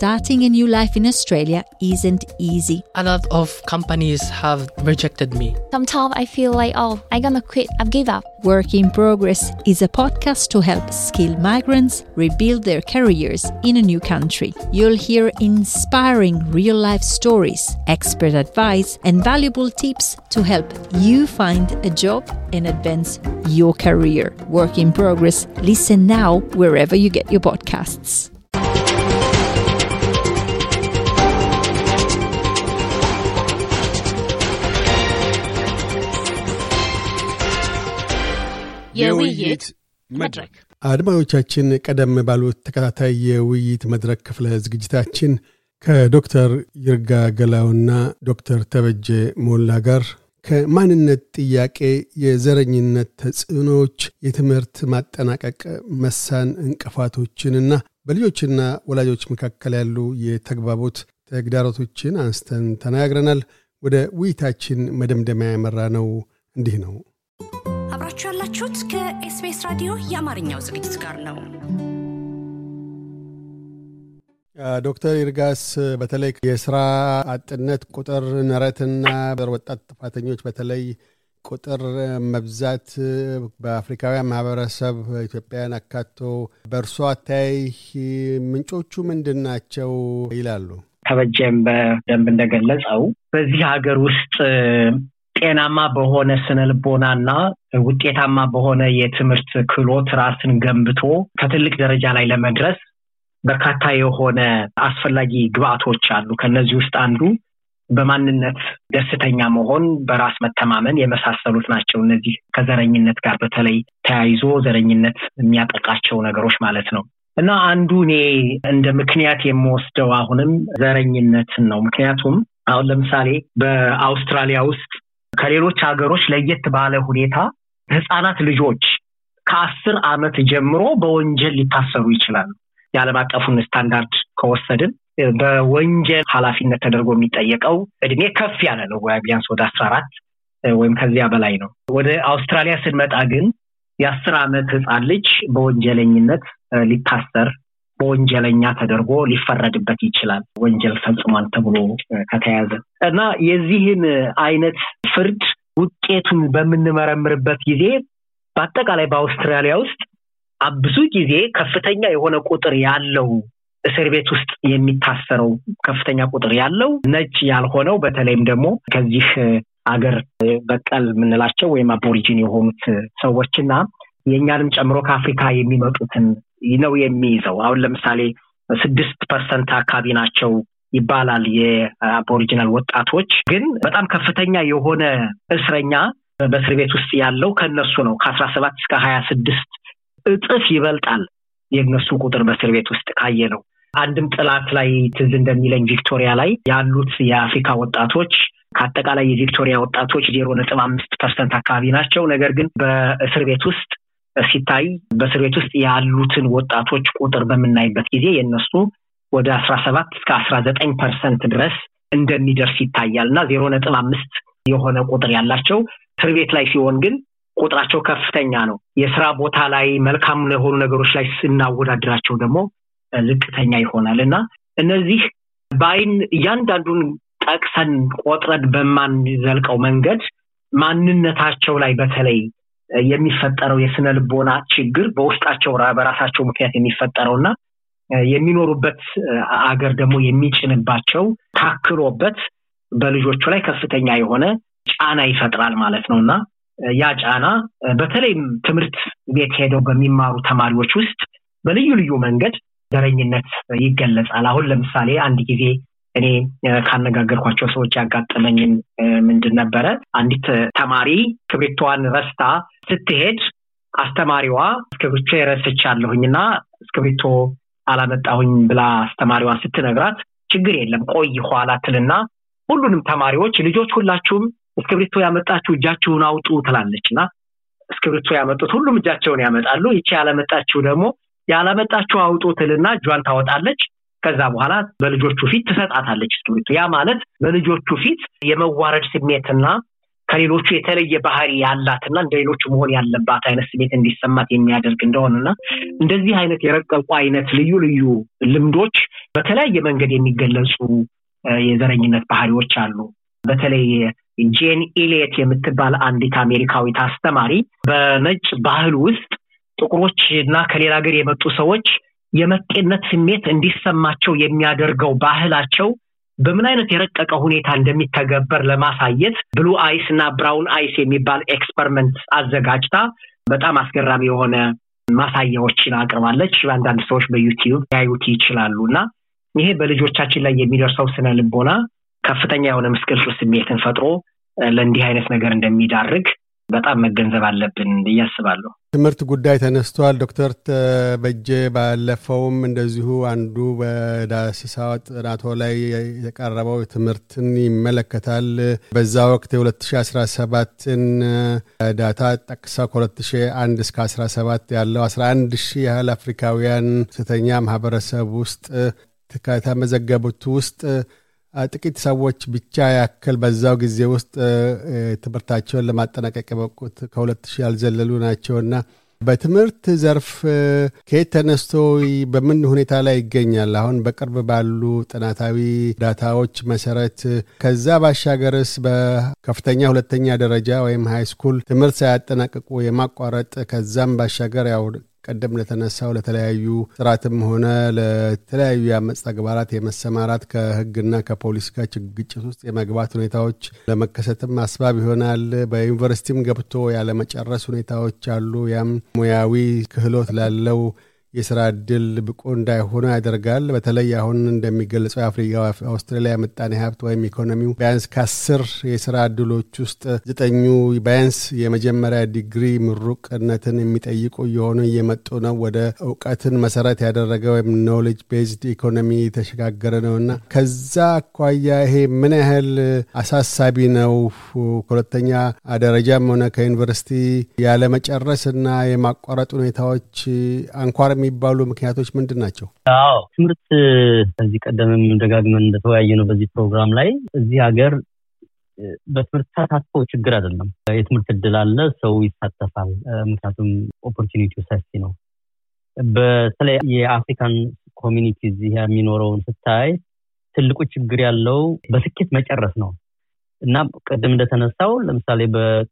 starting a new life in Australia isn't easy. A lot of companies have rejected me. Sometimes I feel like, oh, I'm gonna quit, I've given up. Work in Progress is a podcast to help skilled migrants rebuild their careers in a new country. You'll hear inspiring real life stories, expert advice, and valuable tips to help you find a job and advance your career. Work in Progress, listen now wherever you get your podcasts. የውይይት መድረክ አድማጮቻችን ቀደም ባሉት ተከታታይ የውይይት መድረክ ክፍለ ዝግጅታችን ከዶክተር ይርጋ ገላውና ዶክተር ተበጀ ሞላ ጋር ከማንነት ጥያቄ፣ የዘረኝነት ተጽዕኖዎች፣ የትምህርት ማጠናቀቅ መሳን እንቅፋቶችንና በልጆችና ወላጆች መካከል ያሉ የተግባቦት ተግዳሮቶችን አንስተን ተናግረናል ወደ ውይይታችን መደምደሚያ ያመራ ነው እንዲህ ነው። አብራችሁ ያላችሁት ከኤስቢኤስ ራዲዮ የአማርኛው ዝግጅት ጋር ነው። ዶክተር ይርጋስ በተለይ የስራ አጥነት ቁጥር ንረትና ወጣት ጥፋተኞች በተለይ ቁጥር መብዛት በአፍሪካውያን ማህበረሰብ ኢትዮጵያን አካቶ በእርሶ አታይ ምንጮቹ ምንድን ናቸው ይላሉ? ተበጀም በደንብ እንደገለጸው በዚህ ሀገር ውስጥ ጤናማ በሆነ ስነ ልቦናና ውጤታማ በሆነ የትምህርት ክህሎት ራስን ገንብቶ ከትልቅ ደረጃ ላይ ለመድረስ በርካታ የሆነ አስፈላጊ ግብአቶች አሉ። ከነዚህ ውስጥ አንዱ በማንነት ደስተኛ መሆን፣ በራስ መተማመን የመሳሰሉት ናቸው። እነዚህ ከዘረኝነት ጋር በተለይ ተያይዞ ዘረኝነት የሚያጠቃቸው ነገሮች ማለት ነው እና አንዱ እኔ እንደ ምክንያት የምወስደው አሁንም ዘረኝነትን ነው። ምክንያቱም አሁን ለምሳሌ በአውስትራሊያ ውስጥ ከሌሎች ሀገሮች ለየት ባለ ሁኔታ ህፃናት ልጆች ከአስር ዓመት ጀምሮ በወንጀል ሊታሰሩ ይችላሉ። የዓለም አቀፉን ስታንዳርድ ከወሰድን በወንጀል ሀላፊነት ተደርጎ የሚጠየቀው እድሜ ከፍ ያለ ነው፣ ቢያንስ ወደ አስራ አራት ወይም ከዚያ በላይ ነው። ወደ አውስትራሊያ ስንመጣ ግን የአስር ዓመት ህፃን ልጅ በወንጀለኝነት ሊታሰር በወንጀለኛ ተደርጎ ሊፈረድበት ይችላል። ወንጀል ፈጽሟል ተብሎ ከተያዘ እና የዚህን አይነት ፍርድ ውጤቱን በምንመረምርበት ጊዜ በአጠቃላይ በአውስትራሊያ ውስጥ ብዙ ጊዜ ከፍተኛ የሆነ ቁጥር ያለው እስር ቤት ውስጥ የሚታሰረው ከፍተኛ ቁጥር ያለው ነጭ ያልሆነው በተለይም ደግሞ ከዚህ አገር በቀል የምንላቸው ወይም አቦሪጂን የሆኑት ሰዎችና የእኛንም ጨምሮ ከአፍሪካ የሚመጡትን ነው የሚይዘው። አሁን ለምሳሌ ስድስት ፐርሰንት አካባቢ ናቸው ይባላል የአቦሪጂናል ወጣቶች። ግን በጣም ከፍተኛ የሆነ እስረኛ በእስር ቤት ውስጥ ያለው ከነሱ ነው። ከአስራ ሰባት እስከ ሀያ ስድስት እጥፍ ይበልጣል የእነሱ ቁጥር በእስር ቤት ውስጥ ካየ ነው። አንድም ጥላት ላይ ትዝ እንደሚለኝ ቪክቶሪያ ላይ ያሉት የአፍሪካ ወጣቶች ከአጠቃላይ የቪክቶሪያ ወጣቶች ዜሮ ነጥብ አምስት ፐርሰንት አካባቢ ናቸው። ነገር ግን በእስር ቤት ውስጥ ሲታይ በእስር ቤት ውስጥ ያሉትን ወጣቶች ቁጥር በምናይበት ጊዜ የእነሱ ወደ አስራ ሰባት እስከ አስራ ዘጠኝ ፐርሰንት ድረስ እንደሚደርስ ይታያል እና ዜሮ ነጥብ አምስት የሆነ ቁጥር ያላቸው እስር ቤት ላይ ሲሆን ግን ቁጥራቸው ከፍተኛ ነው። የስራ ቦታ ላይ መልካም የሆኑ ነገሮች ላይ ስናወዳድራቸው ደግሞ ዝቅተኛ ይሆናል እና እነዚህ በአይን እያንዳንዱን ጠቅሰን ቆጥረን በማንዘልቀው መንገድ ማንነታቸው ላይ በተለይ የሚፈጠረው የስነ ልቦና ችግር በውስጣቸው በራሳቸው ምክንያት የሚፈጠረው እና የሚኖሩበት አገር ደግሞ የሚጭንባቸው ታክሎበት በልጆቹ ላይ ከፍተኛ የሆነ ጫና ይፈጥራል ማለት ነው እና ያ ጫና በተለይም ትምህርት ቤት ሄደው በሚማሩ ተማሪዎች ውስጥ በልዩ ልዩ መንገድ ዘረኝነት ይገለጻል። አሁን ለምሳሌ አንድ ጊዜ እኔ ካነጋገርኳቸው ሰዎች ያጋጠመኝን ምንድን ነበረ፣ አንዲት ተማሪ ክብሪቷን ረስታ ስትሄድ አስተማሪዋ እስክብሪቶ ረስቻለሁኝ እና እስክብሪቶ አላመጣሁኝ ብላ አስተማሪዋ ስትነግራት ችግር የለም ቆይ ኋላ ትልና ሁሉንም ተማሪዎች ልጆች ሁላችሁም እስክብሪቶ ያመጣችሁ እጃችሁን አውጡ ትላለች እና እስክብሪቶ ያመጡት ሁሉም እጃቸውን ያመጣሉ። ይቺ ያለመጣችሁ ደግሞ ያለመጣችሁ አውጡ ትልና እጇን ታወጣለች። ከዛ በኋላ በልጆቹ ፊት ትሰጣታለች እስክሪብቶ። ያ ማለት በልጆቹ ፊት የመዋረድ ስሜትና ከሌሎቹ የተለየ ባህሪ ያላትና እንደ ሌሎቹ መሆን ያለባት አይነት ስሜት እንዲሰማት የሚያደርግ እንደሆነና እንደዚህ አይነት የረቀቁ አይነት ልዩ ልዩ ልምዶች በተለያየ መንገድ የሚገለጹ የዘረኝነት ባህሪዎች አሉ። በተለይ ጄን ኢሌት የምትባል አንዲት አሜሪካዊት አስተማሪ በነጭ ባህል ውስጥ ጥቁሮች እና ከሌላ ሀገር የመጡ ሰዎች የመጤነት ስሜት እንዲሰማቸው የሚያደርገው ባህላቸው በምን አይነት የረቀቀ ሁኔታ እንደሚተገበር ለማሳየት ብሉ አይስ እና ብራውን አይስ የሚባል ኤክስፐሪመንት አዘጋጅታ በጣም አስገራሚ የሆነ ማሳያዎችን አቅርባለች። በአንዳንድ ሰዎች በዩቲዩብ ያዩት ይችላሉ እና ይሄ በልጆቻችን ላይ የሚደርሰው ስነ ልቦና ከፍተኛ የሆነ ምስቅልቅል ስሜትን ፈጥሮ ለእንዲህ አይነት ነገር እንደሚዳርግ በጣም መገንዘብ አለብን ብዬ አስባለሁ። ትምህርት ጉዳይ ተነስቷል። ዶክተር ተበጀ ባለፈውም እንደዚሁ አንዱ በዳስሳ ጥናቶ ላይ የቀረበው ትምህርትን ይመለከታል። በዛ ወቅት የ2017ን ዳታ ጠቅሳ ከ2001 እስከ 17 ያለው 11 ሺህ ያህል አፍሪካውያን ስተኛ ማህበረሰብ ውስጥ ከተመዘገቡት ውስጥ ጥቂት ሰዎች ብቻ ያክል በዛው ጊዜ ውስጥ ትምህርታቸውን ለማጠናቀቅ የበቁት ከሁለት ሺህ ያልዘለሉ ናቸውና በትምህርት ዘርፍ ከየት ተነስቶ በምን ሁኔታ ላይ ይገኛል? አሁን በቅርብ ባሉ ጥናታዊ ዳታዎች መሰረት ከዛ ባሻገርስ በከፍተኛ ሁለተኛ ደረጃ ወይም ሃይስኩል ትምህርት ሳያጠናቅቁ የማቋረጥ ከዛም ባሻገር ያው ቀደም ለተነሳው ለተለያዩ ስርዓትም ሆነ ለተለያዩ የአመፅ ተግባራት የመሰማራት ከህግና ከፖሊስ ጋር ግጭት ውስጥ የመግባት ሁኔታዎች ለመከሰትም አስባብ ይሆናል። በዩኒቨርሲቲም ገብቶ ያለመጨረስ ሁኔታዎች አሉ። ያም ሙያዊ ክህሎት ላለው የስራ እድል ብቁ እንዳይሆኑ ያደርጋል። በተለይ አሁን እንደሚገለጸው የአፍሪካ አውስትራሊያ ምጣኔ ሀብት ወይም ኢኮኖሚው ቢያንስ ከአስር የስራ እድሎች ውስጥ ዘጠኙ ቢያንስ የመጀመሪያ ዲግሪ ምሩቅነትን የሚጠይቁ እየሆኑ እየመጡ ነው። ወደ እውቀትን መሰረት ያደረገ ወይም ኖሌጅ ቤዝድ ኢኮኖሚ የተሸጋገረ ነው እና ከዛ አኳያ ይሄ ምን ያህል አሳሳቢ ነው? ከሁለተኛ ደረጃም ሆነ ከዩኒቨርሲቲ ያለመጨረስ እና የማቋረጥ ሁኔታዎች አንኳር የሚባሉ ምክንያቶች ምንድን ናቸው? አዎ ትምህርት ከዚህ ቀደምም ደጋግመን እንደተወያየ ነው በዚህ ፕሮግራም ላይ እዚህ ሀገር በትምህርት ተሳትፎ ችግር አይደለም። የትምህርት እድል አለ፣ ሰው ይሳተፋል። ምክንያቱም ኦፖርቹኒቲው ሰፊ ነው። በተለይ የአፍሪካን ኮሚኒቲ እዚህ የሚኖረውን ስታይ ትልቁ ችግር ያለው በስኬት መጨረስ ነው እና ቅድም እንደተነሳው ለምሳሌ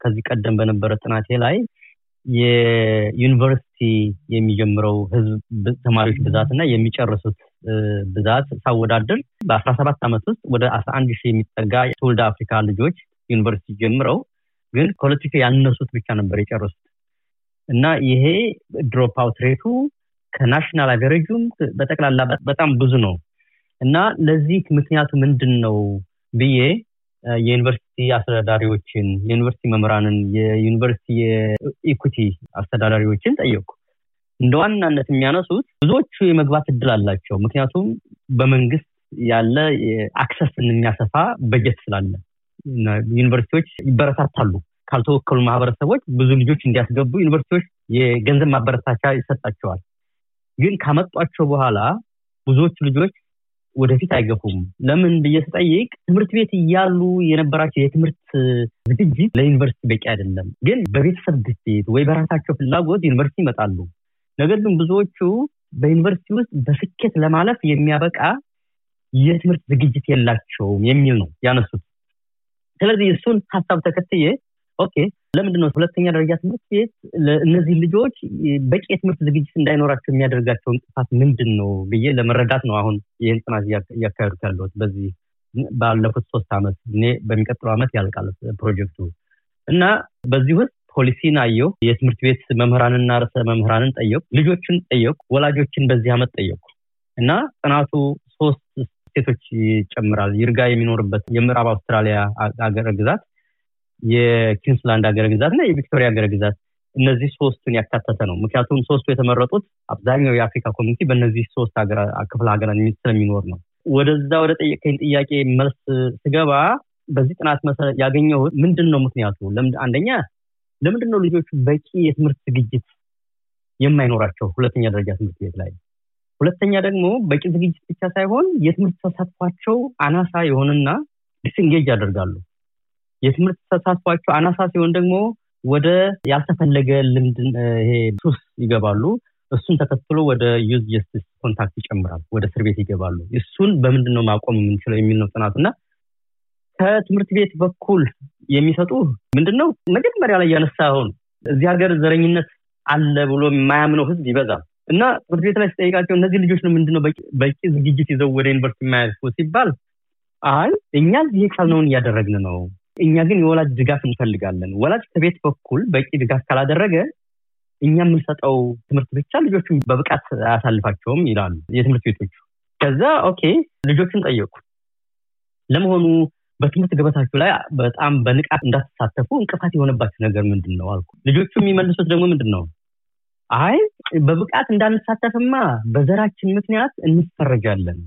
ከዚህ ቀደም በነበረ ጥናቴ ላይ የዩኒቨርሲቲ የሚጀምረው ህዝብ ተማሪዎች ብዛት እና የሚጨርሱት ብዛት ሳወዳድር በአስራ ሰባት ዓመት ውስጥ ወደ አስራ አንድ ሺህ የሚጠጋ ትውልደ አፍሪካ ልጆች ዩኒቨርሲቲ ጀምረው ግን ከሁለት ያነሱት ብቻ ነበር የጨረሱት እና ይሄ ድሮፕ አውት ሬቱ ከናሽናል አቨሬጁም በጠቅላላ በጣም ብዙ ነው እና ለዚህ ምክንያቱ ምንድን ነው ብዬ የዩኒቨርሲቲ አስተዳዳሪዎችን፣ የዩኒቨርሲቲ መምህራንን፣ የዩኒቨርሲቲ የኢኩቲ አስተዳዳሪዎችን ጠየቁ። እንደ ዋናነት የሚያነሱት ብዙዎቹ የመግባት እድል አላቸው። ምክንያቱም በመንግስት ያለ አክሰስን የሚያሰፋ በጀት ስላለ ዩኒቨርሲቲዎች ይበረታታሉ። ካልተወከሉ ማህበረሰቦች ብዙ ልጆች እንዲያስገቡ ዩኒቨርሲቲዎች የገንዘብ ማበረታቻ ይሰጣቸዋል። ግን ካመጧቸው በኋላ ብዙዎቹ ልጆች ወደፊት አይገፉም። ለምን ብዬ ስጠይቅ ትምህርት ቤት እያሉ የነበራቸው የትምህርት ዝግጅት ለዩኒቨርሲቲ በቂ አይደለም። ግን በቤተሰብ ግፊት ወይ በራሳቸው ፍላጎት ዩኒቨርሲቲ ይመጣሉ። ነገር ግን ብዙዎቹ በዩኒቨርሲቲ ውስጥ በስኬት ለማለፍ የሚያበቃ የትምህርት ዝግጅት የላቸውም የሚል ነው ያነሱት። ስለዚህ እሱን ሀሳብ ተከትዬ ኦኬ ለምንድን ነው ሁለተኛ ደረጃ ትምህርት ቤት እነዚህ ልጆች በቂ የትምህርት ዝግጅት እንዳይኖራቸው የሚያደርጋቸው እንቅፋት ምንድን ነው ብዬ ለመረዳት ነው አሁን ይህን ጥናት እያካሄዱት ያለሁት። በዚህ ባለፉት ሶስት ዓመት እኔ በሚቀጥለው ዓመት ያልቃል ፕሮጀክቱ እና በዚህ ውስጥ ፖሊሲን አየሁ። የትምህርት ቤት መምህራንና ርዕሰ መምህራንን ጠየቁ፣ ልጆችን ጠየቁ፣ ወላጆችን በዚህ ዓመት ጠየቁ እና ጥናቱ ሶስት ሴቶች ይጨምራል። ይርጋ የሚኖርበት የምዕራብ አውስትራሊያ አገረ ግዛት የኪንስላንድ ሀገረ ግዛት እና የቪክቶሪያ ሀገረ ግዛት እነዚህ ሶስቱን ያካተተ ነው። ምክንያቱም ሶስቱ የተመረጡት አብዛኛው የአፍሪካ ኮሚኒቲ በእነዚህ ሶስት ክፍል ሀገራት ስለሚኖር ነው። ወደዛ ወደ ጠየቀኝ ጥያቄ መልስ ስገባ በዚህ ጥናት መሰረት ያገኘው ምንድን ነው ምክንያቱ አንደኛ ለምንድን ነው ልጆቹ በቂ የትምህርት ዝግጅት የማይኖራቸው ሁለተኛ ደረጃ ትምህርት ቤት ላይ? ሁለተኛ ደግሞ በቂ ዝግጅት ብቻ ሳይሆን የትምህርት ተሳትፏቸው አናሳ የሆነና ዲስንጌጅ ያደርጋሉ። የትምህርት ተሳትፏቸው አናሳ ሲሆን ደግሞ ወደ ያልተፈለገ ልምድ ይሄ ሱስ ይገባሉ። እሱን ተከትሎ ወደ ዩዝ ጀስቲስ ኮንታክት ይጨምራል፣ ወደ እስር ቤት ይገባሉ። እሱን በምንድን ነው ማቆም የምንችለው የሚል ነው ጥናቱ እና ከትምህርት ቤት በኩል የሚሰጡ ምንድን ነው መጀመሪያ ላይ ያነሳኸውን እዚህ ሀገር ዘረኝነት አለ ብሎ የማያምነው ህዝብ ይበዛል እና ትምህርት ቤት ላይ ሲጠይቃቸው እነዚህ ልጆች ነው ምንድነው በቂ ዝግጅት ይዘው ወደ ዩኒቨርሲቲ የማያልፉ ሲባል አይ እኛ እዚህ የቻልነውን እያደረግን ነው እኛ ግን የወላጅ ድጋፍ እንፈልጋለን። ወላጅ ከቤት በኩል በቂ ድጋፍ ካላደረገ እኛ የምንሰጠው ትምህርት ብቻ ልጆቹን በብቃት አያሳልፋቸውም ይላሉ የትምህርት ቤቶቹ። ከዛ ኦኬ ልጆችን ጠየቁ። ለመሆኑ በትምህርት ገበታችሁ ላይ በጣም በንቃት እንዳትሳተፉ እንቅፋት የሆነባቸው ነገር ምንድን ነው አልኩ። ልጆቹ የሚመልሱት ደግሞ ምንድን ነው? አይ በብቃት እንዳንሳተፍማ በዘራችን ምክንያት እንፈረጃለን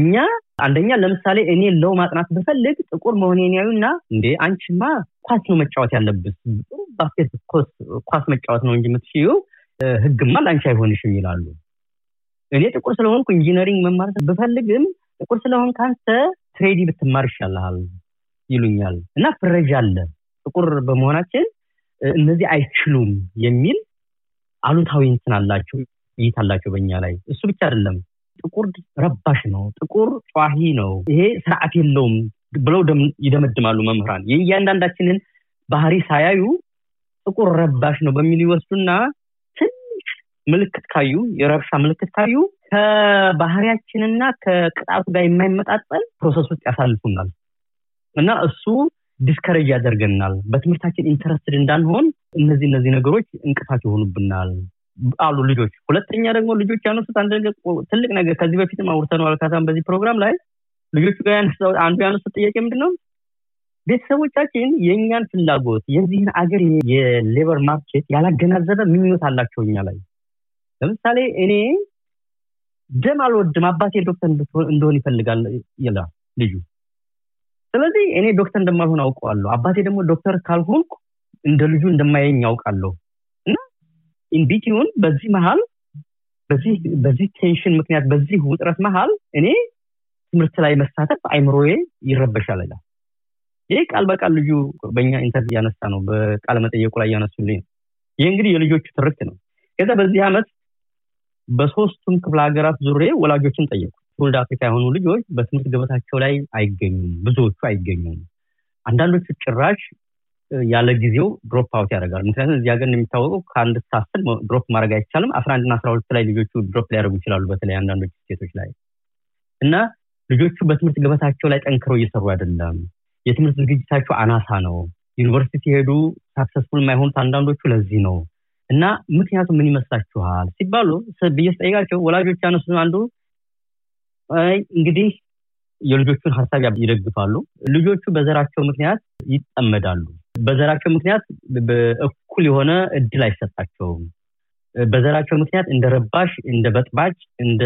እኛ አንደኛ ለምሳሌ እኔ ለው ማጥናት ብፈልግ ጥቁር መሆኔን ያዩና እንዴ አንቺማ ኳስ ነው መጫወት ያለብሽ፣ ባስኬት ኳስ መጫወት ነው እንጂ የምትችይው ህግማ ለአንቺ አይሆንሽም ይላሉ። እኔ ጥቁር ስለሆንኩ ኢንጂነሪንግ መማር ብፈልግም ጥቁር ስለሆን አንተ ትሬዲ ብትማር ይሻልል ይሉኛል እና ፍረጃ አለ። ጥቁር በመሆናችን እነዚህ አይችሉም የሚል አሉታዊ እንትን አላቸው፣ ይታላቸው በእኛ ላይ። እሱ ብቻ አይደለም ጥቁር ረባሽ ነው፣ ጥቁር ጨዋሂ ነው፣ ይሄ ስርዓት የለውም ብለው ይደመድማሉ መምህራን። የእያንዳንዳችንን ባህሪ ሳያዩ ጥቁር ረባሽ ነው በሚል ይወስዱና ትንሽ ምልክት ካዩ፣ የረብሻ ምልክት ካዩ ከባህሪያችንና ከቅጣቱ ጋር የማይመጣጠል ፕሮሰስ ውስጥ ያሳልፉናል እና እሱ ዲስከሬጅ ያደርገናል። በትምህርታችን ኢንተረስትድ እንዳንሆን እነዚህ እነዚህ ነገሮች እንቅፋት ይሆኑብናል አሉ ልጆች። ሁለተኛ ደግሞ ልጆች ያነሱት አንድ ነገር ትልቅ ነገር ከዚህ በፊትም አውርተነዋል ካሳም በዚህ ፕሮግራም ላይ ልጆቹ ጋር አንዱ ያነሱት ጥያቄ ምንድነው ቤተሰቦቻችን የእኛን ፍላጎት የዚህን አገር የሌበር ማርኬት ያላገናዘበ ምኞት አላቸው እኛ ላይ። ለምሳሌ እኔ ደም አልወድም አባቴ ዶክተር እንደሆን ይፈልጋል ይላ ልጁ። ስለዚህ እኔ ዶክተር እንደማልሆን አውቀዋለሁ። አባቴ ደግሞ ዶክተር ካልሆንኩ እንደ ልጁ እንደማየኝ ያውቃለሁ። ኢንቢቲውን በዚህ መሀል በዚህ በዚህ ቴንሽን ምክንያት በዚህ ውጥረት መሀል እኔ ትምህርት ላይ መሳተፍ አይምሮዬ ይረበሻል ይላል። ይህ ቃል በቃል ልጁ በእኛ ኢንተር እያነሳ ነው፣ በቃለ መጠየቁ ላይ እያነሱልኝ ነው። ይህ እንግዲህ የልጆቹ ትርክ ነው። ከዛ በዚህ አመት በሶስቱም ክፍለ ሀገራት ዙሬ ወላጆችን ጠየቁ። ትውልድ አፍሪካ የሆኑ ልጆች በትምህርት ገበታቸው ላይ አይገኙም፣ ብዙዎቹ አይገኙም። አንዳንዶቹ ጭራሽ ያለ ጊዜው ድሮፕ አውት ያደርጋሉ። ምክንያቱም እዚህ ሀገር እንደሚታወቀው ከአንድ ሳስል ድሮፕ ማድረግ አይቻልም። አስራ አንድና አስራ ሁለት ላይ ልጆቹ ድሮፕ ሊያደርጉ ይችላሉ። በተለይ አንዳንዶቹ ሴቶች ላይ እና ልጆቹ በትምህርት ገበታቸው ላይ ጠንክረው እየሰሩ አይደለም። የትምህርት ዝግጅታቸው አናሳ ነው። ዩኒቨርሲቲ ሄዱ ሳክሰስፉል የማይሆኑት አንዳንዶቹ ለዚህ ነው። እና ምክንያቱ ምን ይመስላችኋል ሲባሉ ብዬ ስጠይቃቸው ወላጆች ያነሱ አንዱ እንግዲህ የልጆቹን ሀሳብ ይደግፋሉ። ልጆቹ በዘራቸው ምክንያት ይጠመዳሉ። በዘራቸው ምክንያት እኩል የሆነ እድል አይሰጣቸውም። በዘራቸው ምክንያት እንደ ረባሽ፣ እንደ በጥባጭ፣ እንደ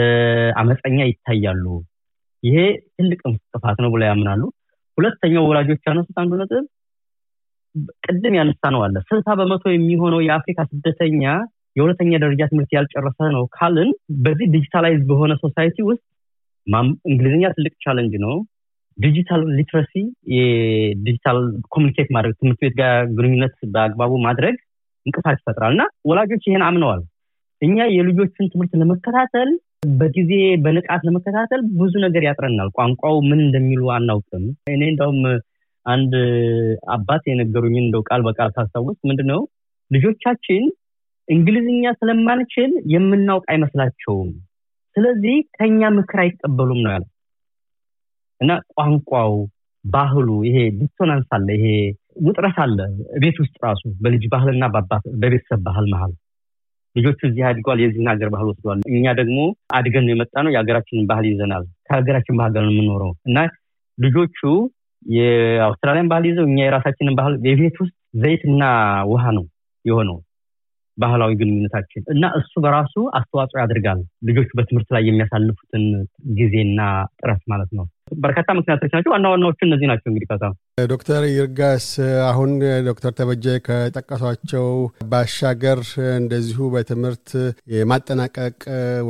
አመፀኛ ይታያሉ። ይሄ ትልቅ ጥፋት ነው ብለው ያምናሉ። ሁለተኛው ወላጆች ያነሱት አንዱ ነጥብ ቅድም ያነሳ ነው አለ ስልሳ በመቶ የሚሆነው የአፍሪካ ስደተኛ የሁለተኛ ደረጃ ትምህርት ያልጨረሰ ነው ካልን በዚህ ዲጂታላይዝ በሆነ ሶሳይቲ ውስጥ እንግሊዝኛ ትልቅ ቻለንጅ ነው። ዲጂታል ሊትረሲ የዲጂታል ኮሚኒኬት ማድረግ ትምህርት ቤት ጋር ግንኙነት በአግባቡ ማድረግ እንቅፋት ይፈጥራል እና ወላጆች ይሄን አምነዋል። እኛ የልጆችን ትምህርት ለመከታተል በጊዜ በንቃት ለመከታተል ብዙ ነገር ያጥረናል። ቋንቋው ምን እንደሚሉ አናውቅም። እኔ እንደውም አንድ አባት የነገሩኝን እንደው ቃል በቃል ሳስታውስ ምንድነው ልጆቻችን እንግሊዝኛ ስለማንችል የምናውቅ አይመስላቸውም። ስለዚህ ከኛ ምክር አይቀበሉም ነው ያለ እና ቋንቋው፣ ባህሉ ይሄ ዲሶናንስ አለ። ይሄ ውጥረት አለ ቤት ውስጥ ራሱ በልጅ ባህልና በአባት በቤተሰብ ባህል መሀል ልጆቹ እዚህ አድገዋል፣ የዚህን ሀገር ባህል ወስደዋል። እኛ ደግሞ አድገን የመጣ ነው የሀገራችንን ባህል ይዘናል። ከሀገራችን ባህል ጋር ነው የምኖረው እና ልጆቹ የአውስትራሊያን ባህል ይዘው እኛ የራሳችንን ባህል የቤት ውስጥ ዘይትና ውሃ ነው የሆነው ባህላዊ ግንኙነታችን እና እሱ በራሱ አስተዋጽኦ ያደርጋል። ልጆቹ በትምህርት ላይ የሚያሳልፉትን ጊዜና ጥረት ማለት ነው። በርካታ ምክንያቶች ናቸው። ዋና ዋናዎቹ እነዚህ ናቸው። እንግዲህ ከዛ ዶክተር ይርጋስ አሁን ዶክተር ተበጀ ከጠቀሷቸው ባሻገር እንደዚሁ በትምህርት የማጠናቀቅ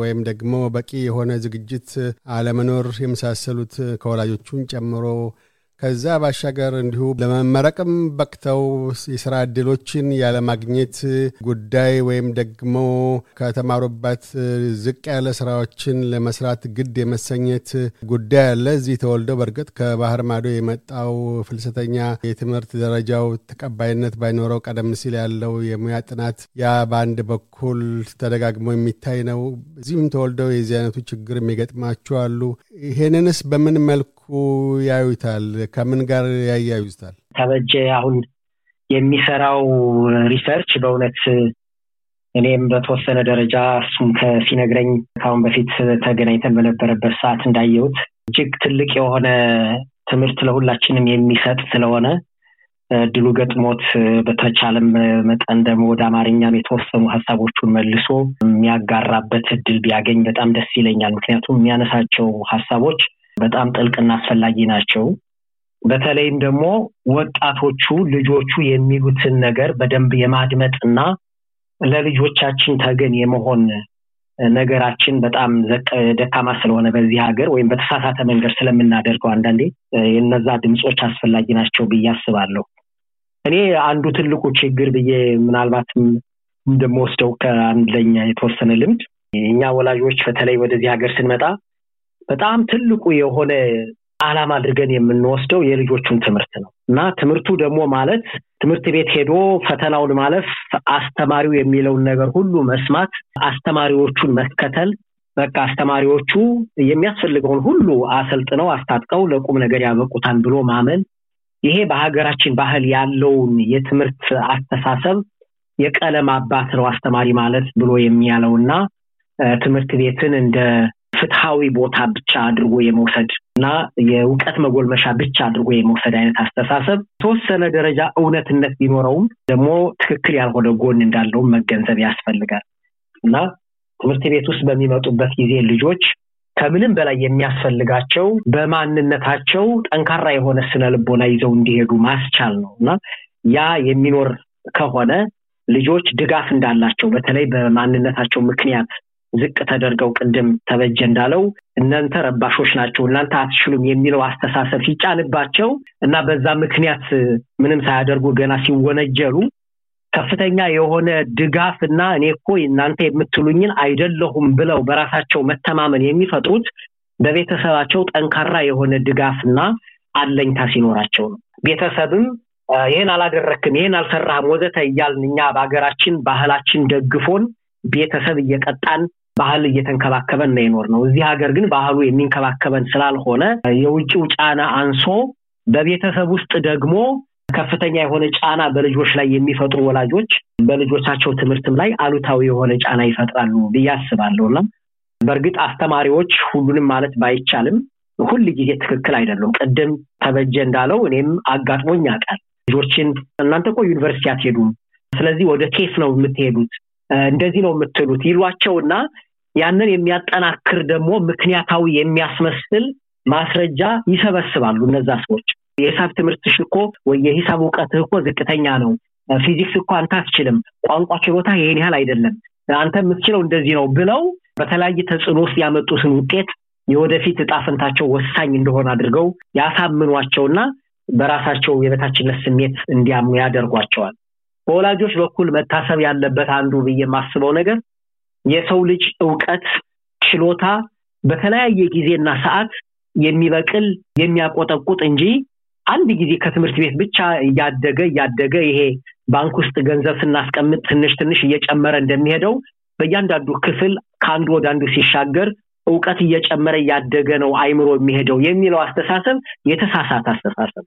ወይም ደግሞ በቂ የሆነ ዝግጅት አለመኖር የመሳሰሉት ከወላጆቹን ጨምሮ ከዛ ባሻገር እንዲሁ ለመመረቅም በቅተው የስራ እድሎችን ያለማግኘት ጉዳይ ወይም ደግሞ ከተማሩበት ዝቅ ያለ ስራዎችን ለመስራት ግድ የመሰኘት ጉዳይ አለ። እዚህ ተወልደው በእርግጥ ከባህር ማዶ የመጣው ፍልሰተኛ የትምህርት ደረጃው ተቀባይነት ባይኖረው ቀደም ሲል ያለው የሙያ ጥናት ያ በአንድ በኩል ተደጋግሞ የሚታይ ነው። እዚህም ተወልደው የዚህ አይነቱ ችግር የሚገጥማቸው አሉ። ይሄንንስ በምን መልኩ ያዩታል? ከምን ጋር ያያዩታል? ተበጀ አሁን የሚሰራው ሪሰርች በእውነት እኔም በተወሰነ ደረጃ እሱም ከሲነግረኝ ከአሁን በፊት ተገናኝተን በነበረበት ሰዓት እንዳየሁት እጅግ ትልቅ የሆነ ትምህርት ለሁላችንም የሚሰጥ ስለሆነ እድሉ ገጥሞት በተቻለም መጠን ደግሞ ወደ አማርኛም የተወሰኑ ሀሳቦቹን መልሶ የሚያጋራበት እድል ቢያገኝ በጣም ደስ ይለኛል። ምክንያቱም የሚያነሳቸው ሀሳቦች በጣም ጥልቅና አስፈላጊ ናቸው። በተለይም ደግሞ ወጣቶቹ ልጆቹ የሚሉትን ነገር በደንብ የማድመጥና ለልጆቻችን ተገን የመሆን ነገራችን በጣም ደካማ ስለሆነ በዚህ ሀገር ወይም በተሳሳተ መንገድ ስለምናደርገው አንዳንዴ የነዛ ድምፆች አስፈላጊ ናቸው ብዬ አስባለሁ። እኔ አንዱ ትልቁ ችግር ብዬ ምናልባትም እንደምወስደው ለኛ የተወሰነ ልምድ እኛ ወላጆች በተለይ ወደዚህ ሀገር ስንመጣ በጣም ትልቁ የሆነ አላማ አድርገን የምንወስደው የልጆቹን ትምህርት ነው እና ትምህርቱ ደግሞ ማለት ትምህርት ቤት ሄዶ ፈተናውን ማለፍ፣ አስተማሪው የሚለውን ነገር ሁሉ መስማት፣ አስተማሪዎቹን መከተል በቃ አስተማሪዎቹ የሚያስፈልገውን ሁሉ አሰልጥነው አስታጥቀው ለቁም ነገር ያበቁታን ብሎ ማመን ይሄ በሀገራችን ባህል ያለውን የትምህርት አስተሳሰብ የቀለም አባት ነው አስተማሪ ማለት ብሎ የሚያለው እና ትምህርት ቤትን እንደ ፍትሐዊ ቦታ ብቻ አድርጎ የመውሰድ እና የእውቀት መጎልመሻ ብቻ አድርጎ የመውሰድ አይነት አስተሳሰብ ተወሰነ ደረጃ እውነትነት ቢኖረውም ደግሞ ትክክል ያልሆነ ጎን እንዳለው መገንዘብ ያስፈልጋል እና ትምህርት ቤት ውስጥ በሚመጡበት ጊዜ ልጆች ከምንም በላይ የሚያስፈልጋቸው በማንነታቸው ጠንካራ የሆነ ስነ ልቦና ይዘው እንዲሄዱ ማስቻል ነው እና ያ የሚኖር ከሆነ ልጆች ድጋፍ እንዳላቸው በተለይ በማንነታቸው ምክንያት ዝቅ ተደርገው ቅድም ተበጀ እንዳለው እናንተ ረባሾች ናቸው እናንተ አትችሉም የሚለው አስተሳሰብ ሲጫንባቸው እና በዛ ምክንያት ምንም ሳያደርጉ ገና ሲወነጀሉ ከፍተኛ የሆነ ድጋፍ እና እኔ እኮ እናንተ የምትሉኝን አይደለሁም ብለው በራሳቸው መተማመን የሚፈጥሩት በቤተሰባቸው ጠንካራ የሆነ ድጋፍና አለኝታ ሲኖራቸው ነው። ቤተሰብም ይህን አላደረክም፣ ይህን አልሰራህም፣ ወዘተ እያልን እኛ በሀገራችን ባህላችን ደግፎን ቤተሰብ እየቀጣን ባህል እየተንከባከበን ነው የኖር ነው። እዚህ ሀገር ግን ባህሉ የሚንከባከበን ስላልሆነ የውጭው ጫና አንሶ በቤተሰብ ውስጥ ደግሞ ከፍተኛ የሆነ ጫና በልጆች ላይ የሚፈጥሩ ወላጆች በልጆቻቸው ትምህርትም ላይ አሉታዊ የሆነ ጫና ይፈጥራሉ ብዬ አስባለሁ እና በእርግጥ አስተማሪዎች ሁሉንም ማለት ባይቻልም ሁል ጊዜ ትክክል አይደለም ቅድም ተበጀ እንዳለው እኔም አጋጥሞኝ ያውቃል። ልጆችን እናንተ ቆ ዩኒቨርሲቲ አትሄዱም፣ ስለዚህ ወደ ኬፍ ነው የምትሄዱት እንደዚህ ነው የምትሉት ይሏቸውና ያንን የሚያጠናክር ደግሞ ምክንያታዊ የሚያስመስል ማስረጃ ይሰበስባሉ እነዛ ሰዎች። የሂሳብ ትምህርት ሽኮ ወይ የሂሳብ እውቀት እኮ ዝቅተኛ ነው፣ ፊዚክስ እኮ አንተ አትችልም፣ ቋንቋ ችሎታ ይሄን ያህል አይደለም፣ አንተ የምትችለው እንደዚህ ነው ብለው በተለያየ ተጽዕኖ ውስጥ ያመጡትን ውጤት የወደፊት እጣፈንታቸው ወሳኝ እንደሆነ አድርገው ያሳምኗቸውና በራሳቸው የበታችነት ስሜት እንዲያምኑ ያደርጓቸዋል። በወላጆች በኩል መታሰብ ያለበት አንዱ ብዬ የማስበው ነገር የሰው ልጅ እውቀት፣ ችሎታ በተለያየ ጊዜና ሰዓት የሚበቅል የሚያቆጠቁጥ እንጂ አንድ ጊዜ ከትምህርት ቤት ብቻ እያደገ እያደገ ይሄ ባንክ ውስጥ ገንዘብ ስናስቀምጥ ትንሽ ትንሽ እየጨመረ እንደሚሄደው በእያንዳንዱ ክፍል ከአንዱ ወደ አንዱ ሲሻገር እውቀት እየጨመረ እያደገ ነው አይምሮ የሚሄደው የሚለው አስተሳሰብ የተሳሳት አስተሳሰብ።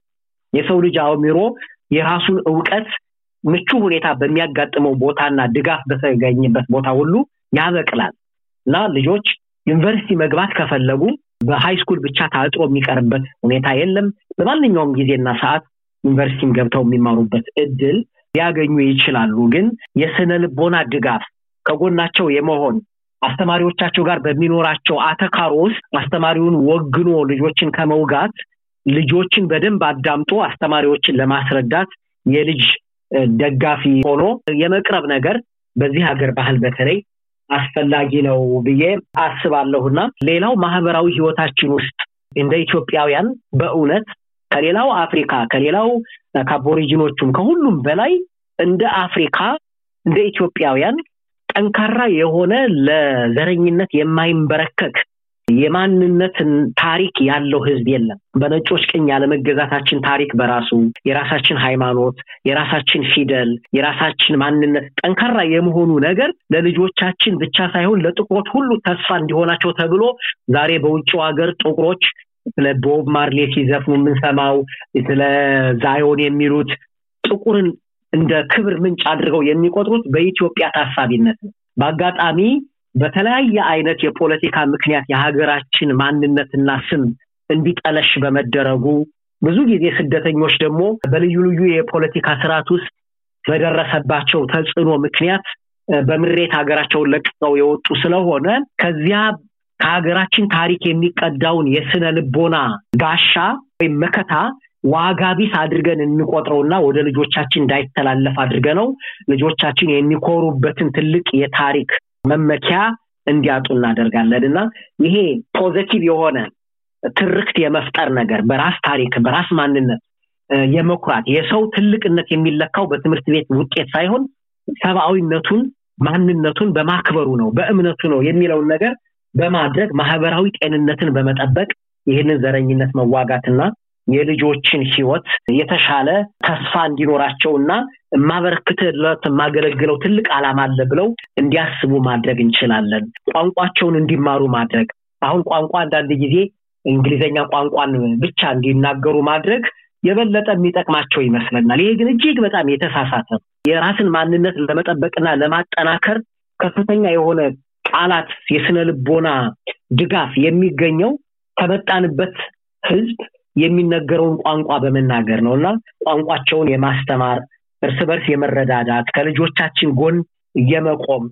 የሰው ልጅ አእምሮ የራሱን እውቀት ምቹ ሁኔታ በሚያጋጥመው ቦታና ድጋፍ በተገኝበት ቦታ ሁሉ ያበቅላል እና ልጆች ዩኒቨርሲቲ መግባት ከፈለጉ በሃይ ስኩል ብቻ ታጥሮ የሚቀርበት ሁኔታ የለም። በማንኛውም ጊዜና ሰዓት ዩኒቨርሲቲም ገብተው የሚማሩበት እድል ሊያገኙ ይችላሉ። ግን የስነ ልቦና ድጋፍ ከጎናቸው የመሆን አስተማሪዎቻቸው ጋር በሚኖራቸው አተካሮ ውስጥ አስተማሪውን ወግኖ ልጆችን ከመውጋት ልጆችን በደንብ አዳምጦ አስተማሪዎችን ለማስረዳት የልጅ ደጋፊ ሆኖ የመቅረብ ነገር በዚህ ሀገር ባህል በተለይ አስፈላጊ ነው ብዬ አስባለሁና ሌላው ማህበራዊ ህይወታችን ውስጥ እንደ ኢትዮጵያውያን በእውነት ከሌላው አፍሪካ ከሌላው ከአቦሪጂኖቹም ከሁሉም በላይ እንደ አፍሪካ እንደ ኢትዮጵያውያን ጠንካራ የሆነ ለዘረኝነት የማይንበረከክ የማንነትን ታሪክ ያለው ህዝብ የለም። በነጮች ቅኝ ያለመገዛታችን ታሪክ በራሱ የራሳችን ሃይማኖት፣ የራሳችን ፊደል፣ የራሳችን ማንነት ጠንካራ የመሆኑ ነገር ለልጆቻችን ብቻ ሳይሆን ለጥቁሮች ሁሉ ተስፋ እንዲሆናቸው ተብሎ ዛሬ በውጭው ሀገር ጥቁሮች ስለ ቦብ ማርሌ ሲዘፍኑ የምንሰማው ስለ ዛዮን የሚሉት ጥቁርን እንደ ክብር ምንጭ አድርገው የሚቆጥሩት በኢትዮጵያ ታሳቢነት ነው። በአጋጣሚ በተለያየ አይነት የፖለቲካ ምክንያት የሀገራችን ማንነትና ስም እንዲጠለሽ በመደረጉ ብዙ ጊዜ ስደተኞች ደግሞ በልዩ ልዩ የፖለቲካ ስርዓት ውስጥ በደረሰባቸው ተጽዕኖ ምክንያት በምሬት ሀገራቸውን ለቅጠው የወጡ ስለሆነ ከዚያ ከሀገራችን ታሪክ የሚቀዳውን የስነ ልቦና ጋሻ ወይም መከታ ዋጋ ቢስ አድርገን እንቆጥረውና ወደ ልጆቻችን እንዳይተላለፍ አድርገ ነው ልጆቻችን የሚኮሩበትን ትልቅ የታሪክ መመኪያ እንዲያጡ እናደርጋለን እና ይሄ ፖዘቲቭ የሆነ ትርክት የመፍጠር ነገር በራስ ታሪክ በራስ ማንነት የመኩራት የሰው ትልቅነት የሚለካው በትምህርት ቤት ውጤት ሳይሆን ሰብአዊነቱን ማንነቱን በማክበሩ ነው በእምነቱ ነው የሚለውን ነገር በማድረግ ማህበራዊ ጤንነትን በመጠበቅ ይህንን ዘረኝነት መዋጋትና የልጆችን ህይወት የተሻለ ተስፋ እንዲኖራቸውና የማበረክትለት የማገለግለው ትልቅ ዓላማ አለ ብለው እንዲያስቡ ማድረግ እንችላለን። ቋንቋቸውን እንዲማሩ ማድረግ አሁን ቋንቋ አንዳንድ ጊዜ እንግሊዝኛ ቋንቋን ብቻ እንዲናገሩ ማድረግ የበለጠ የሚጠቅማቸው ይመስለናል። ይሄ ግን እጅግ በጣም የተሳሳተ የራስን ማንነት ለመጠበቅና ለማጠናከር ከፍተኛ የሆነ ቃላት፣ የስነ ልቦና ድጋፍ የሚገኘው ከመጣንበት ህዝብ የሚነገረውን ቋንቋ በመናገር ነው እና ቋንቋቸውን የማስተማር እርስ በርስ የመረዳዳት ከልጆቻችን ጎን የመቆም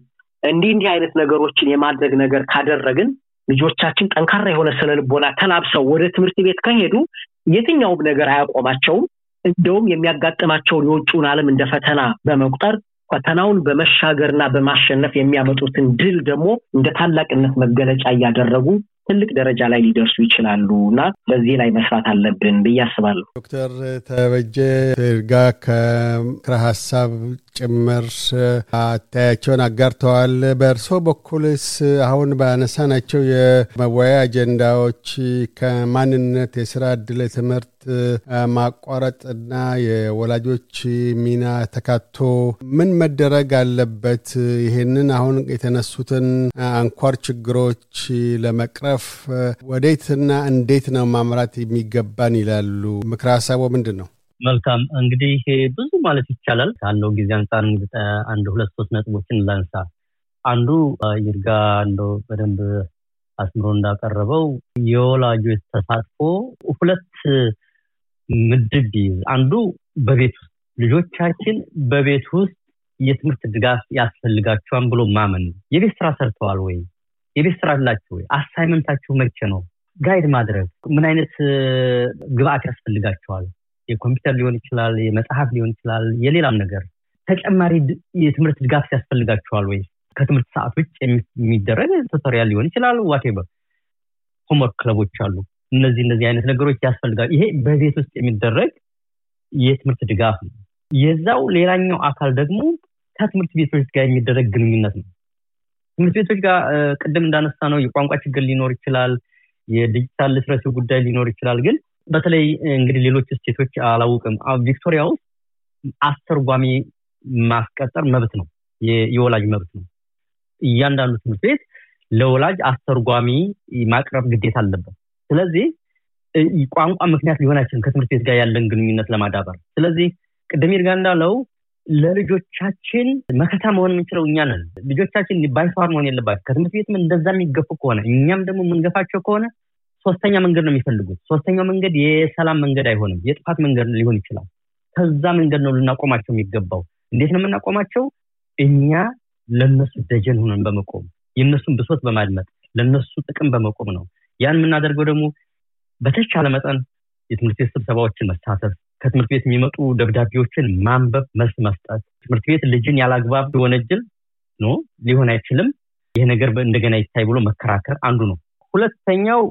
እንዲህ እንዲህ አይነት ነገሮችን የማድረግ ነገር ካደረግን ልጆቻችን ጠንካራ የሆነ ስነ ልቦና ተላብሰው ወደ ትምህርት ቤት ከሄዱ የትኛውም ነገር አያቆማቸውም። እንደውም የሚያጋጥማቸውን የውጭውን አለም እንደ ፈተና በመቁጠር ፈተናውን በመሻገርና በማሸነፍ የሚያመጡትን ድል ደግሞ እንደ ታላቅነት መገለጫ እያደረጉ ትልቅ ደረጃ ላይ ሊደርሱ ይችላሉ እና በዚህ ላይ መስራት አለብን ብዬ አስባለሁ። ዶክተር ተበጀ ርጋ ከምክረ ሀሳብ ጭምር አታያቸውን አጋርተዋል። በእርሶ በኩልስ አሁን ባነሳናቸው የመወያያ አጀንዳዎች ከማንነት፣ የስራ እድል፣ ትምህርት ማቋረጥና የወላጆች ሚና ተካቶ ምን መደረግ አለበት? ይሄንን አሁን የተነሱትን አንኳር ችግሮች ለመቅረፍ ወዴትና እንዴት ነው ማምራት የሚገባን ይላሉ። ምክረ ሀሳቦ ምንድን ነው? መልካም እንግዲህ ብዙ ማለት ይቻላል። ካለው ጊዜ አንጻር አንድ ሁለት ሶስት ነጥቦችን ላንሳ። አንዱ ይርጋ እንደ በደንብ አስምሮ እንዳቀረበው የወላጆች ተሳትፎ ሁለት ምድብ ቢይዝ አንዱ በቤት ውስጥ ልጆቻችን በቤት ውስጥ የትምህርት ድጋፍ ያስፈልጋቸዋን ብሎ ማመን የቤት ስራ ሰርተዋል ወይ? የቤት ስራ አላችሁ ወይ? አሳይመንታችሁ መቼ ነው? ጋይድ ማድረግ ምን አይነት ግብአት ያስፈልጋቸዋል? የኮምፒውተር ሊሆን ይችላል፣ የመጽሐፍ ሊሆን ይችላል፣ የሌላም ነገር ተጨማሪ የትምህርት ድጋፍ ያስፈልጋቸዋል ወይ? ከትምህርት ሰዓት ውጭ የሚደረግ ቱቶሪያል ሊሆን ይችላል። ዋቴበር ሆምወርክ ክለቦች አሉ። እነዚህ እነዚህ አይነት ነገሮች ያስፈልጋሉ ይሄ በቤት ውስጥ የሚደረግ የትምህርት ድጋፍ ነው። የዛው ሌላኛው አካል ደግሞ ከትምህርት ቤቶች ጋር የሚደረግ ግንኙነት ነው። ትምህርት ቤቶች ጋር ቅድም እንዳነሳ ነው የቋንቋ ችግር ሊኖር ይችላል፣ የዲጂታል ሊትረሲ ጉዳይ ሊኖር ይችላል። ግን በተለይ እንግዲህ ሌሎች ስቴቶች አላውቅም፣ ቪክቶሪያ ውስጥ አስተርጓሚ ማስቀጠር መብት ነው፣ የወላጅ መብት ነው። እያንዳንዱ ትምህርት ቤት ለወላጅ አስተርጓሚ ማቅረብ ግዴታ አለበት። ስለዚህ ቋንቋ ምክንያት ሊሆን አይችልም ከትምህርት ቤት ጋር ያለን ግንኙነት ለማዳበር። ስለዚህ ቅድም ይርጋ እንዳለው ለልጆቻችን መከታ መሆን የምንችለው እኛ ነን። ልጆቻችን ባይፋር መሆን የለባቸው። ከትምህርት ቤትም እንደዛ የሚገፉ ከሆነ እኛም ደግሞ የምንገፋቸው ከሆነ ሶስተኛ መንገድ ነው የሚፈልጉት። ሶስተኛው መንገድ የሰላም መንገድ አይሆንም፣ የጥፋት መንገድ ሊሆን ይችላል። ከዛ መንገድ ነው ልናቆማቸው የሚገባው። እንዴት ነው የምናቆማቸው? እኛ ለነሱ ደጀን ሆነን በመቆም የእነሱን ብሶት በማድመጥ ለነሱ ጥቅም በመቆም ነው። ያን የምናደርገው ደግሞ በተቻለ መጠን የትምህርት ቤት ስብሰባዎችን መሳተፍ፣ ከትምህርት ቤት የሚመጡ ደብዳቤዎችን ማንበብ፣ መልስ መስጠት። ትምህርት ቤት ልጅን ያላግባብ ወነጀል ነው ሊሆን አይችልም፣ ይህ ነገር እንደገና ይታይ ብሎ መከራከር አንዱ ነው። ሁለተኛው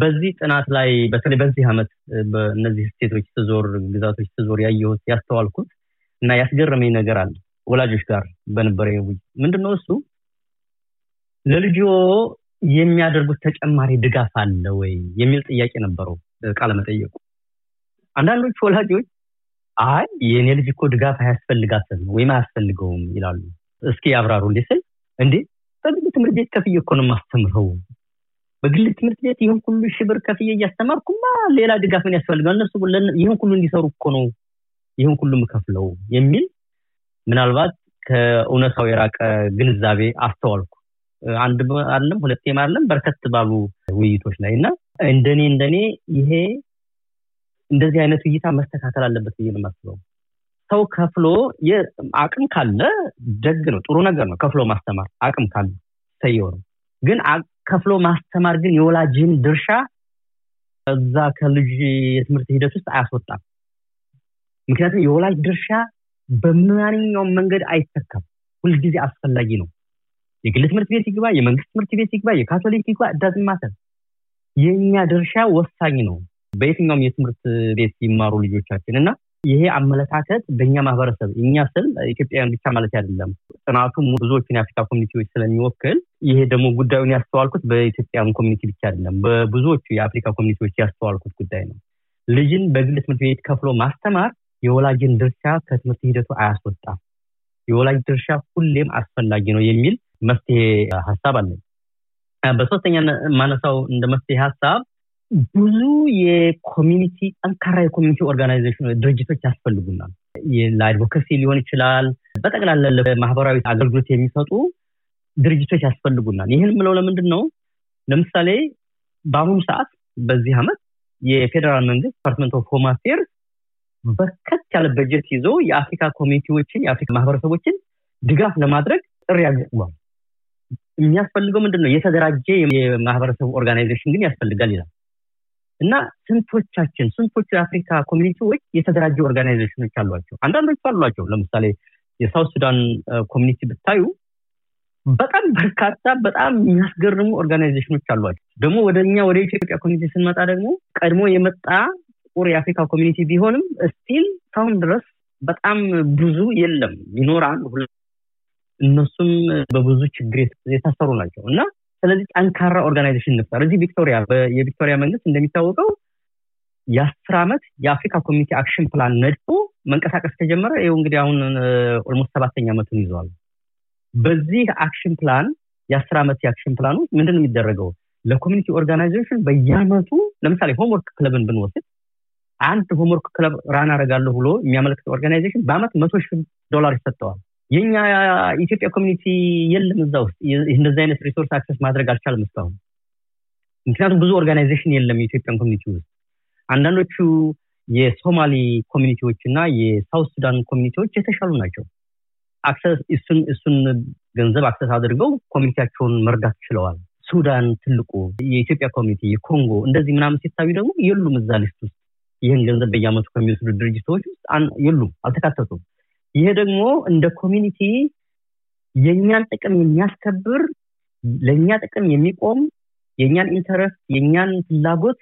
በዚህ ጥናት ላይ በተለይ በዚህ ዓመት በእነዚህ ስቴቶች ስዞር ግዛቶች ስዞር ያየሁት ያስተዋልኩት እና ያስገረመኝ ነገር አለ። ወላጆች ጋር በነበረ ምንድነው እሱ ለልጆ የሚያደርጉት ተጨማሪ ድጋፍ አለ ወይ የሚል ጥያቄ ነበረው ቃለመጠየቁ። አንዳንዶቹ ወላጆች አይ የእኔ ልጅ እኮ ድጋፍ አያስፈልጋትም ወይም አያስፈልገውም ይላሉ። እስኪ አብራሩ እንዲስል እንዴ በግል ትምህርት ቤት ከፍዬ እኮ ነው የማስተምረው። በግል ትምህርት ቤት ይህን ሁሉ ሽብር ከፍዬ እያስተማርኩማ ሌላ ድጋፍ ምን ያስፈልጋል? እነሱ ይህን ሁሉ እንዲሰሩ እኮ ነው ይህን ሁሉ የምከፍለው የሚል ምናልባት ከእውነታው የራቀ ግንዛቤ አስተዋልኩ። አንድ አለም ሁለቴም አለም በርከት ባሉ ውይይቶች ላይ እና እንደኔ እንደኔ ይሄ እንደዚህ አይነት ውይይታ መስተካከል አለበት ብዬ ነው ሰው ከፍሎ አቅም ካለ ደግ ነው፣ ጥሩ ነገር ነው። ከፍሎ ማስተማር አቅም ካለ ሰየው ነው። ግን ከፍሎ ማስተማር ግን የወላጅን ድርሻ እዛ ከልጅ የትምህርት ሂደት ውስጥ አያስወጣም። ምክንያቱም የወላጅ ድርሻ በማንኛውም መንገድ አይተካም፣ ሁልጊዜ አስፈላጊ ነው። የግል ትምህርት ቤት ይግባ፣ የመንግስት ትምህርት ቤት ይግባ፣ የካቶሊክ ይግባ፣ ዳዝማተር የእኛ ድርሻ ወሳኝ ነው። በየትኛውም የትምህርት ቤት ይማሩ ልጆቻችን እና ይሄ አመለካከት በእኛ ማህበረሰብ እኛ ስል ኢትዮጵያውያን ብቻ ማለት አይደለም። ጥናቱም ብዙዎችን የአፍሪካ ኮሚኒቲዎች ስለሚወክል ይሄ ደግሞ ጉዳዩን ያስተዋልኩት በኢትዮጵያን ኮሚኒቲ ብቻ አይደለም፣ በብዙዎቹ የአፍሪካ ኮሚኒቲዎች ያስተዋልኩት ጉዳይ ነው። ልጅን በግል ትምህርት ቤት ከፍሎ ማስተማር የወላጅን ድርሻ ከትምህርት ሂደቱ አያስወጣም። የወላጅ ድርሻ ሁሌም አስፈላጊ ነው የሚል መፍትሄ ሀሳብ አለኝ። በሶስተኛ ማነሳው እንደ መፍትሄ ሀሳብ ብዙ የኮሚኒቲ ጠንካራ የኮሚኒቲ ኦርጋናይዜሽን ድርጅቶች ያስፈልጉናል። ለአድቮካሲ ሊሆን ይችላል። በጠቅላላ ለማህበራዊ አገልግሎት የሚሰጡ ድርጅቶች ያስፈልጉናል። ይህን ምለው ለምንድን ነው? ለምሳሌ በአሁኑ ሰዓት በዚህ ዓመት የፌዴራል መንግስት ዲፓርትመንት ኦፍ ሆም አፌርስ በርከት ያለ በጀት ይዞ የአፍሪካ ኮሚኒቲዎችን የአፍሪካ ማህበረሰቦችን ድጋፍ ለማድረግ ጥሪ አቅርቧል። የሚያስፈልገው ምንድን ነው? የተደራጀ የማህበረሰብ ኦርጋናይዜሽን ግን ያስፈልጋል ይላል እና ስንቶቻችን ስንቶቹ የአፍሪካ ኮሚኒቲዎች የተደራጀ ኦርጋናይዜሽኖች አሏቸው? አንዳንዶቹ አሏቸው። ለምሳሌ የሳውት ሱዳን ኮሚኒቲ ብታዩ በጣም በርካታ በጣም የሚያስገርሙ ኦርጋናይዜሽኖች አሏቸው። ደግሞ ወደ እኛ ወደ ኢትዮጵያ ኮሚኒቲ ስንመጣ ደግሞ ቀድሞ የመጣ ጥቁር የአፍሪካ ኮሚኒቲ ቢሆንም እስቲል እስካሁን ድረስ በጣም ብዙ የለም። ይኖራል እነሱም በብዙ ችግር የታሰሩ ናቸው እና ስለዚህ ጠንካራ ኦርጋናይዜሽን እንፍጠር። እዚህ ቪክቶሪያ የቪክቶሪያ መንግስት እንደሚታወቀው የአስር ዓመት የአፍሪካ ኮሚኒቲ አክሽን ፕላን ነድፎ መንቀሳቀስ ከጀመረ ይው እንግዲህ አሁን ኦልሞስት ሰባተኛ ዓመቱን ይዟል። በዚህ አክሽን ፕላን የአስር ዓመት የአክሽን ፕላኑ ምንድን ነው የሚደረገው? ለኮሚኒቲ ኦርጋናይዜሽን በየአመቱ ለምሳሌ ሆምወርክ ክለብን ብንወስድ አንድ ሆምወርክ ክለብ ራን አረጋለሁ ብሎ የሚያመለክተው ኦርጋናይዜሽን በአመት መቶ ሺህ ዶላር ይሰጠዋል። የኛ ኢትዮጵያ ኮሚኒቲ የለም እዛ ውስጥ እንደዚህ አይነት ሪሶርስ አክሰስ ማድረግ አልቻልም እስካሁን። ምክንያቱም ብዙ ኦርጋናይዜሽን የለም የኢትዮጵያን ኮሚኒቲ ውስጥ። አንዳንዶቹ የሶማሊ ኮሚኒቲዎች እና የሳውት ሱዳን ኮሚኒቲዎች የተሻሉ ናቸው። እሱን እሱን ገንዘብ አክሰስ አድርገው ኮሚኒቲያቸውን መርዳት ችለዋል። ሱዳን ትልቁ የኢትዮጵያ ኮሚኒቲ የኮንጎ እንደዚህ ምናምን ሲታዩ ደግሞ የሉም እዛ ሊስት ውስጥ ይህን ገንዘብ በየአመቱ ከሚወስዱ ድርጅቶች ውስጥ የሉም፣ አልተካተቱም። ይሄ ደግሞ እንደ ኮሚኒቲ የእኛን ጥቅም የሚያስከብር ለእኛ ጥቅም የሚቆም የእኛን ኢንተረስት የእኛን ፍላጎት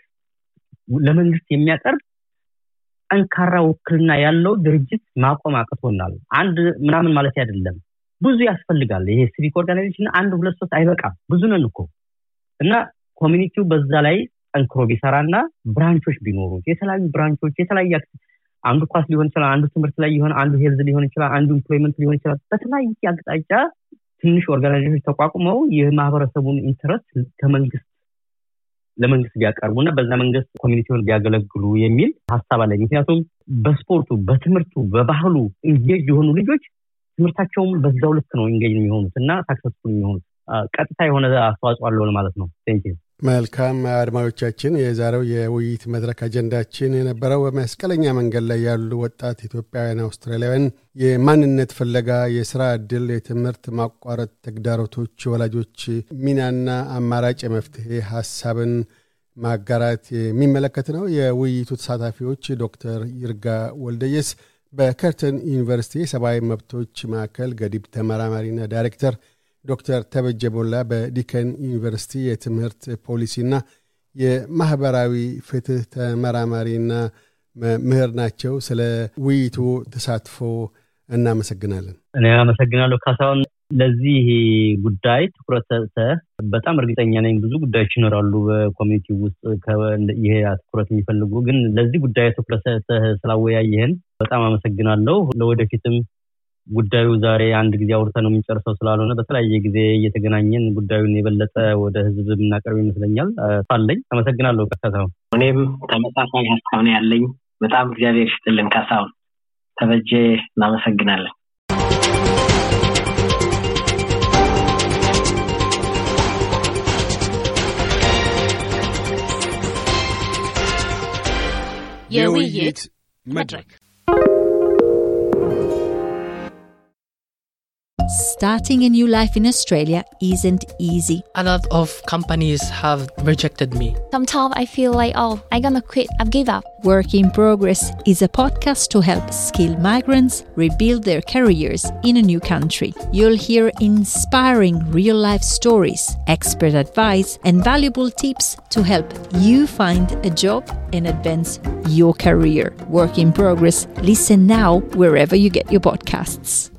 ለመንግስት የሚያቀርብ ጠንካራ ውክልና ያለው ድርጅት ማቆም አቅቶናል። አንድ ምናምን ማለት አይደለም፣ ብዙ ያስፈልጋል። ይሄ ሲቪክ ኦርጋናይዜሽን አንድ ሁለት ሶስት አይበቃም፣ ብዙ ነን እኮ እና ኮሚኒቲው በዛ ላይ ጠንክሮ ቢሰራና ብራንቾች ቢኖሩት የተለያዩ ብራንቾች የተለያዩ አንዱ ኳስ ሊሆን ይችላል፣ አንዱ ትምህርት ላይ ሆን አንዱ ሄልዝ ሊሆን ይችላል፣ አንዱ ኢምፕሎይመንት ሊሆን ይችላል። በተለያየ አቅጣጫ ትንሽ ኦርጋናይዜሽኖች ተቋቁመው የማህበረሰቡን ኢንተረስት ከመንግስት ለመንግስት ሊያቀርቡ እና በዛ መንግስት ኮሚኒቲውን ቢያገለግሉ የሚል ሀሳብ አለ ምክንያቱም በስፖርቱ፣ በትምህርቱ፣ በባህሉ እንጌጅ የሆኑ ልጆች ትምህርታቸውም በዛው ልክ ነው ኢንጌጅ የሚሆኑት እና ሳክሰስፉል የሚሆኑት ቀጥታ የሆነ አስተዋጽኦ አለውን ማለት ነው። ቴንኪው መልካም አድማጮቻችን፣ የዛሬው የውይይት መድረክ አጀንዳችን የነበረው በመስቀለኛ መንገድ ላይ ያሉ ወጣት ኢትዮጵያውያን አውስትራሊያውያን የማንነት ፍለጋ፣ የስራ ዕድል፣ የትምህርት ማቋረጥ ተግዳሮቶች፣ ወላጆች ሚናና አማራጭ የመፍትሄ ሀሳብን ማጋራት የሚመለከት ነው። የውይይቱ ተሳታፊዎች ዶክተር ይርጋ ወልደየስ በከርተን ዩኒቨርሲቲ የሰብአዊ መብቶች ማዕከል ገዲብ ተመራማሪና ዳይሬክተር ዶክተር ተበጀ ሞላ በዲከን ዩኒቨርሲቲ የትምህርት ፖሊሲና የማኅበራዊ ፍትህ ተመራማሪና መምህር ናቸው። ስለ ውይይቱ ተሳትፎ እናመሰግናለን። እኔ አመሰግናለሁ ካሳሁን። ለዚህ ጉዳይ ትኩረት ሰጥተ በጣም እርግጠኛ ነኝ ብዙ ጉዳዮች ይኖራሉ በኮሚኒቲ ውስጥ ይሄ ትኩረት የሚፈልጉ ግን ለዚህ ጉዳይ ትኩረት ሰጥተ ስላወያየህን በጣም አመሰግናለሁ። ለወደፊትም ጉዳዩ ዛሬ አንድ ጊዜ አውርተ ነው የምንጨርሰው ስላልሆነ በተለያየ ጊዜ እየተገናኘን ጉዳዩን የበለጠ ወደ ህዝብ የምናቀርብ ይመስለኛል። ሳለኝ አመሰግናለሁ ከሳሁን እኔም ተመሳሳይ ሀሳብ ያለኝ። በጣም እግዚአብሔር ይስጥልን ካሳሁን ተበጀ፣ እናመሰግናለን። የውይይት መድረክ Starting a new life in Australia isn't easy. A lot of companies have rejected me. Sometimes I feel like, oh, I'm gonna quit, I've give up. Work in Progress is a podcast to help skilled migrants rebuild their careers in a new country. You'll hear inspiring real life stories, expert advice, and valuable tips to help you find a job and advance your career. Work in Progress, listen now wherever you get your podcasts.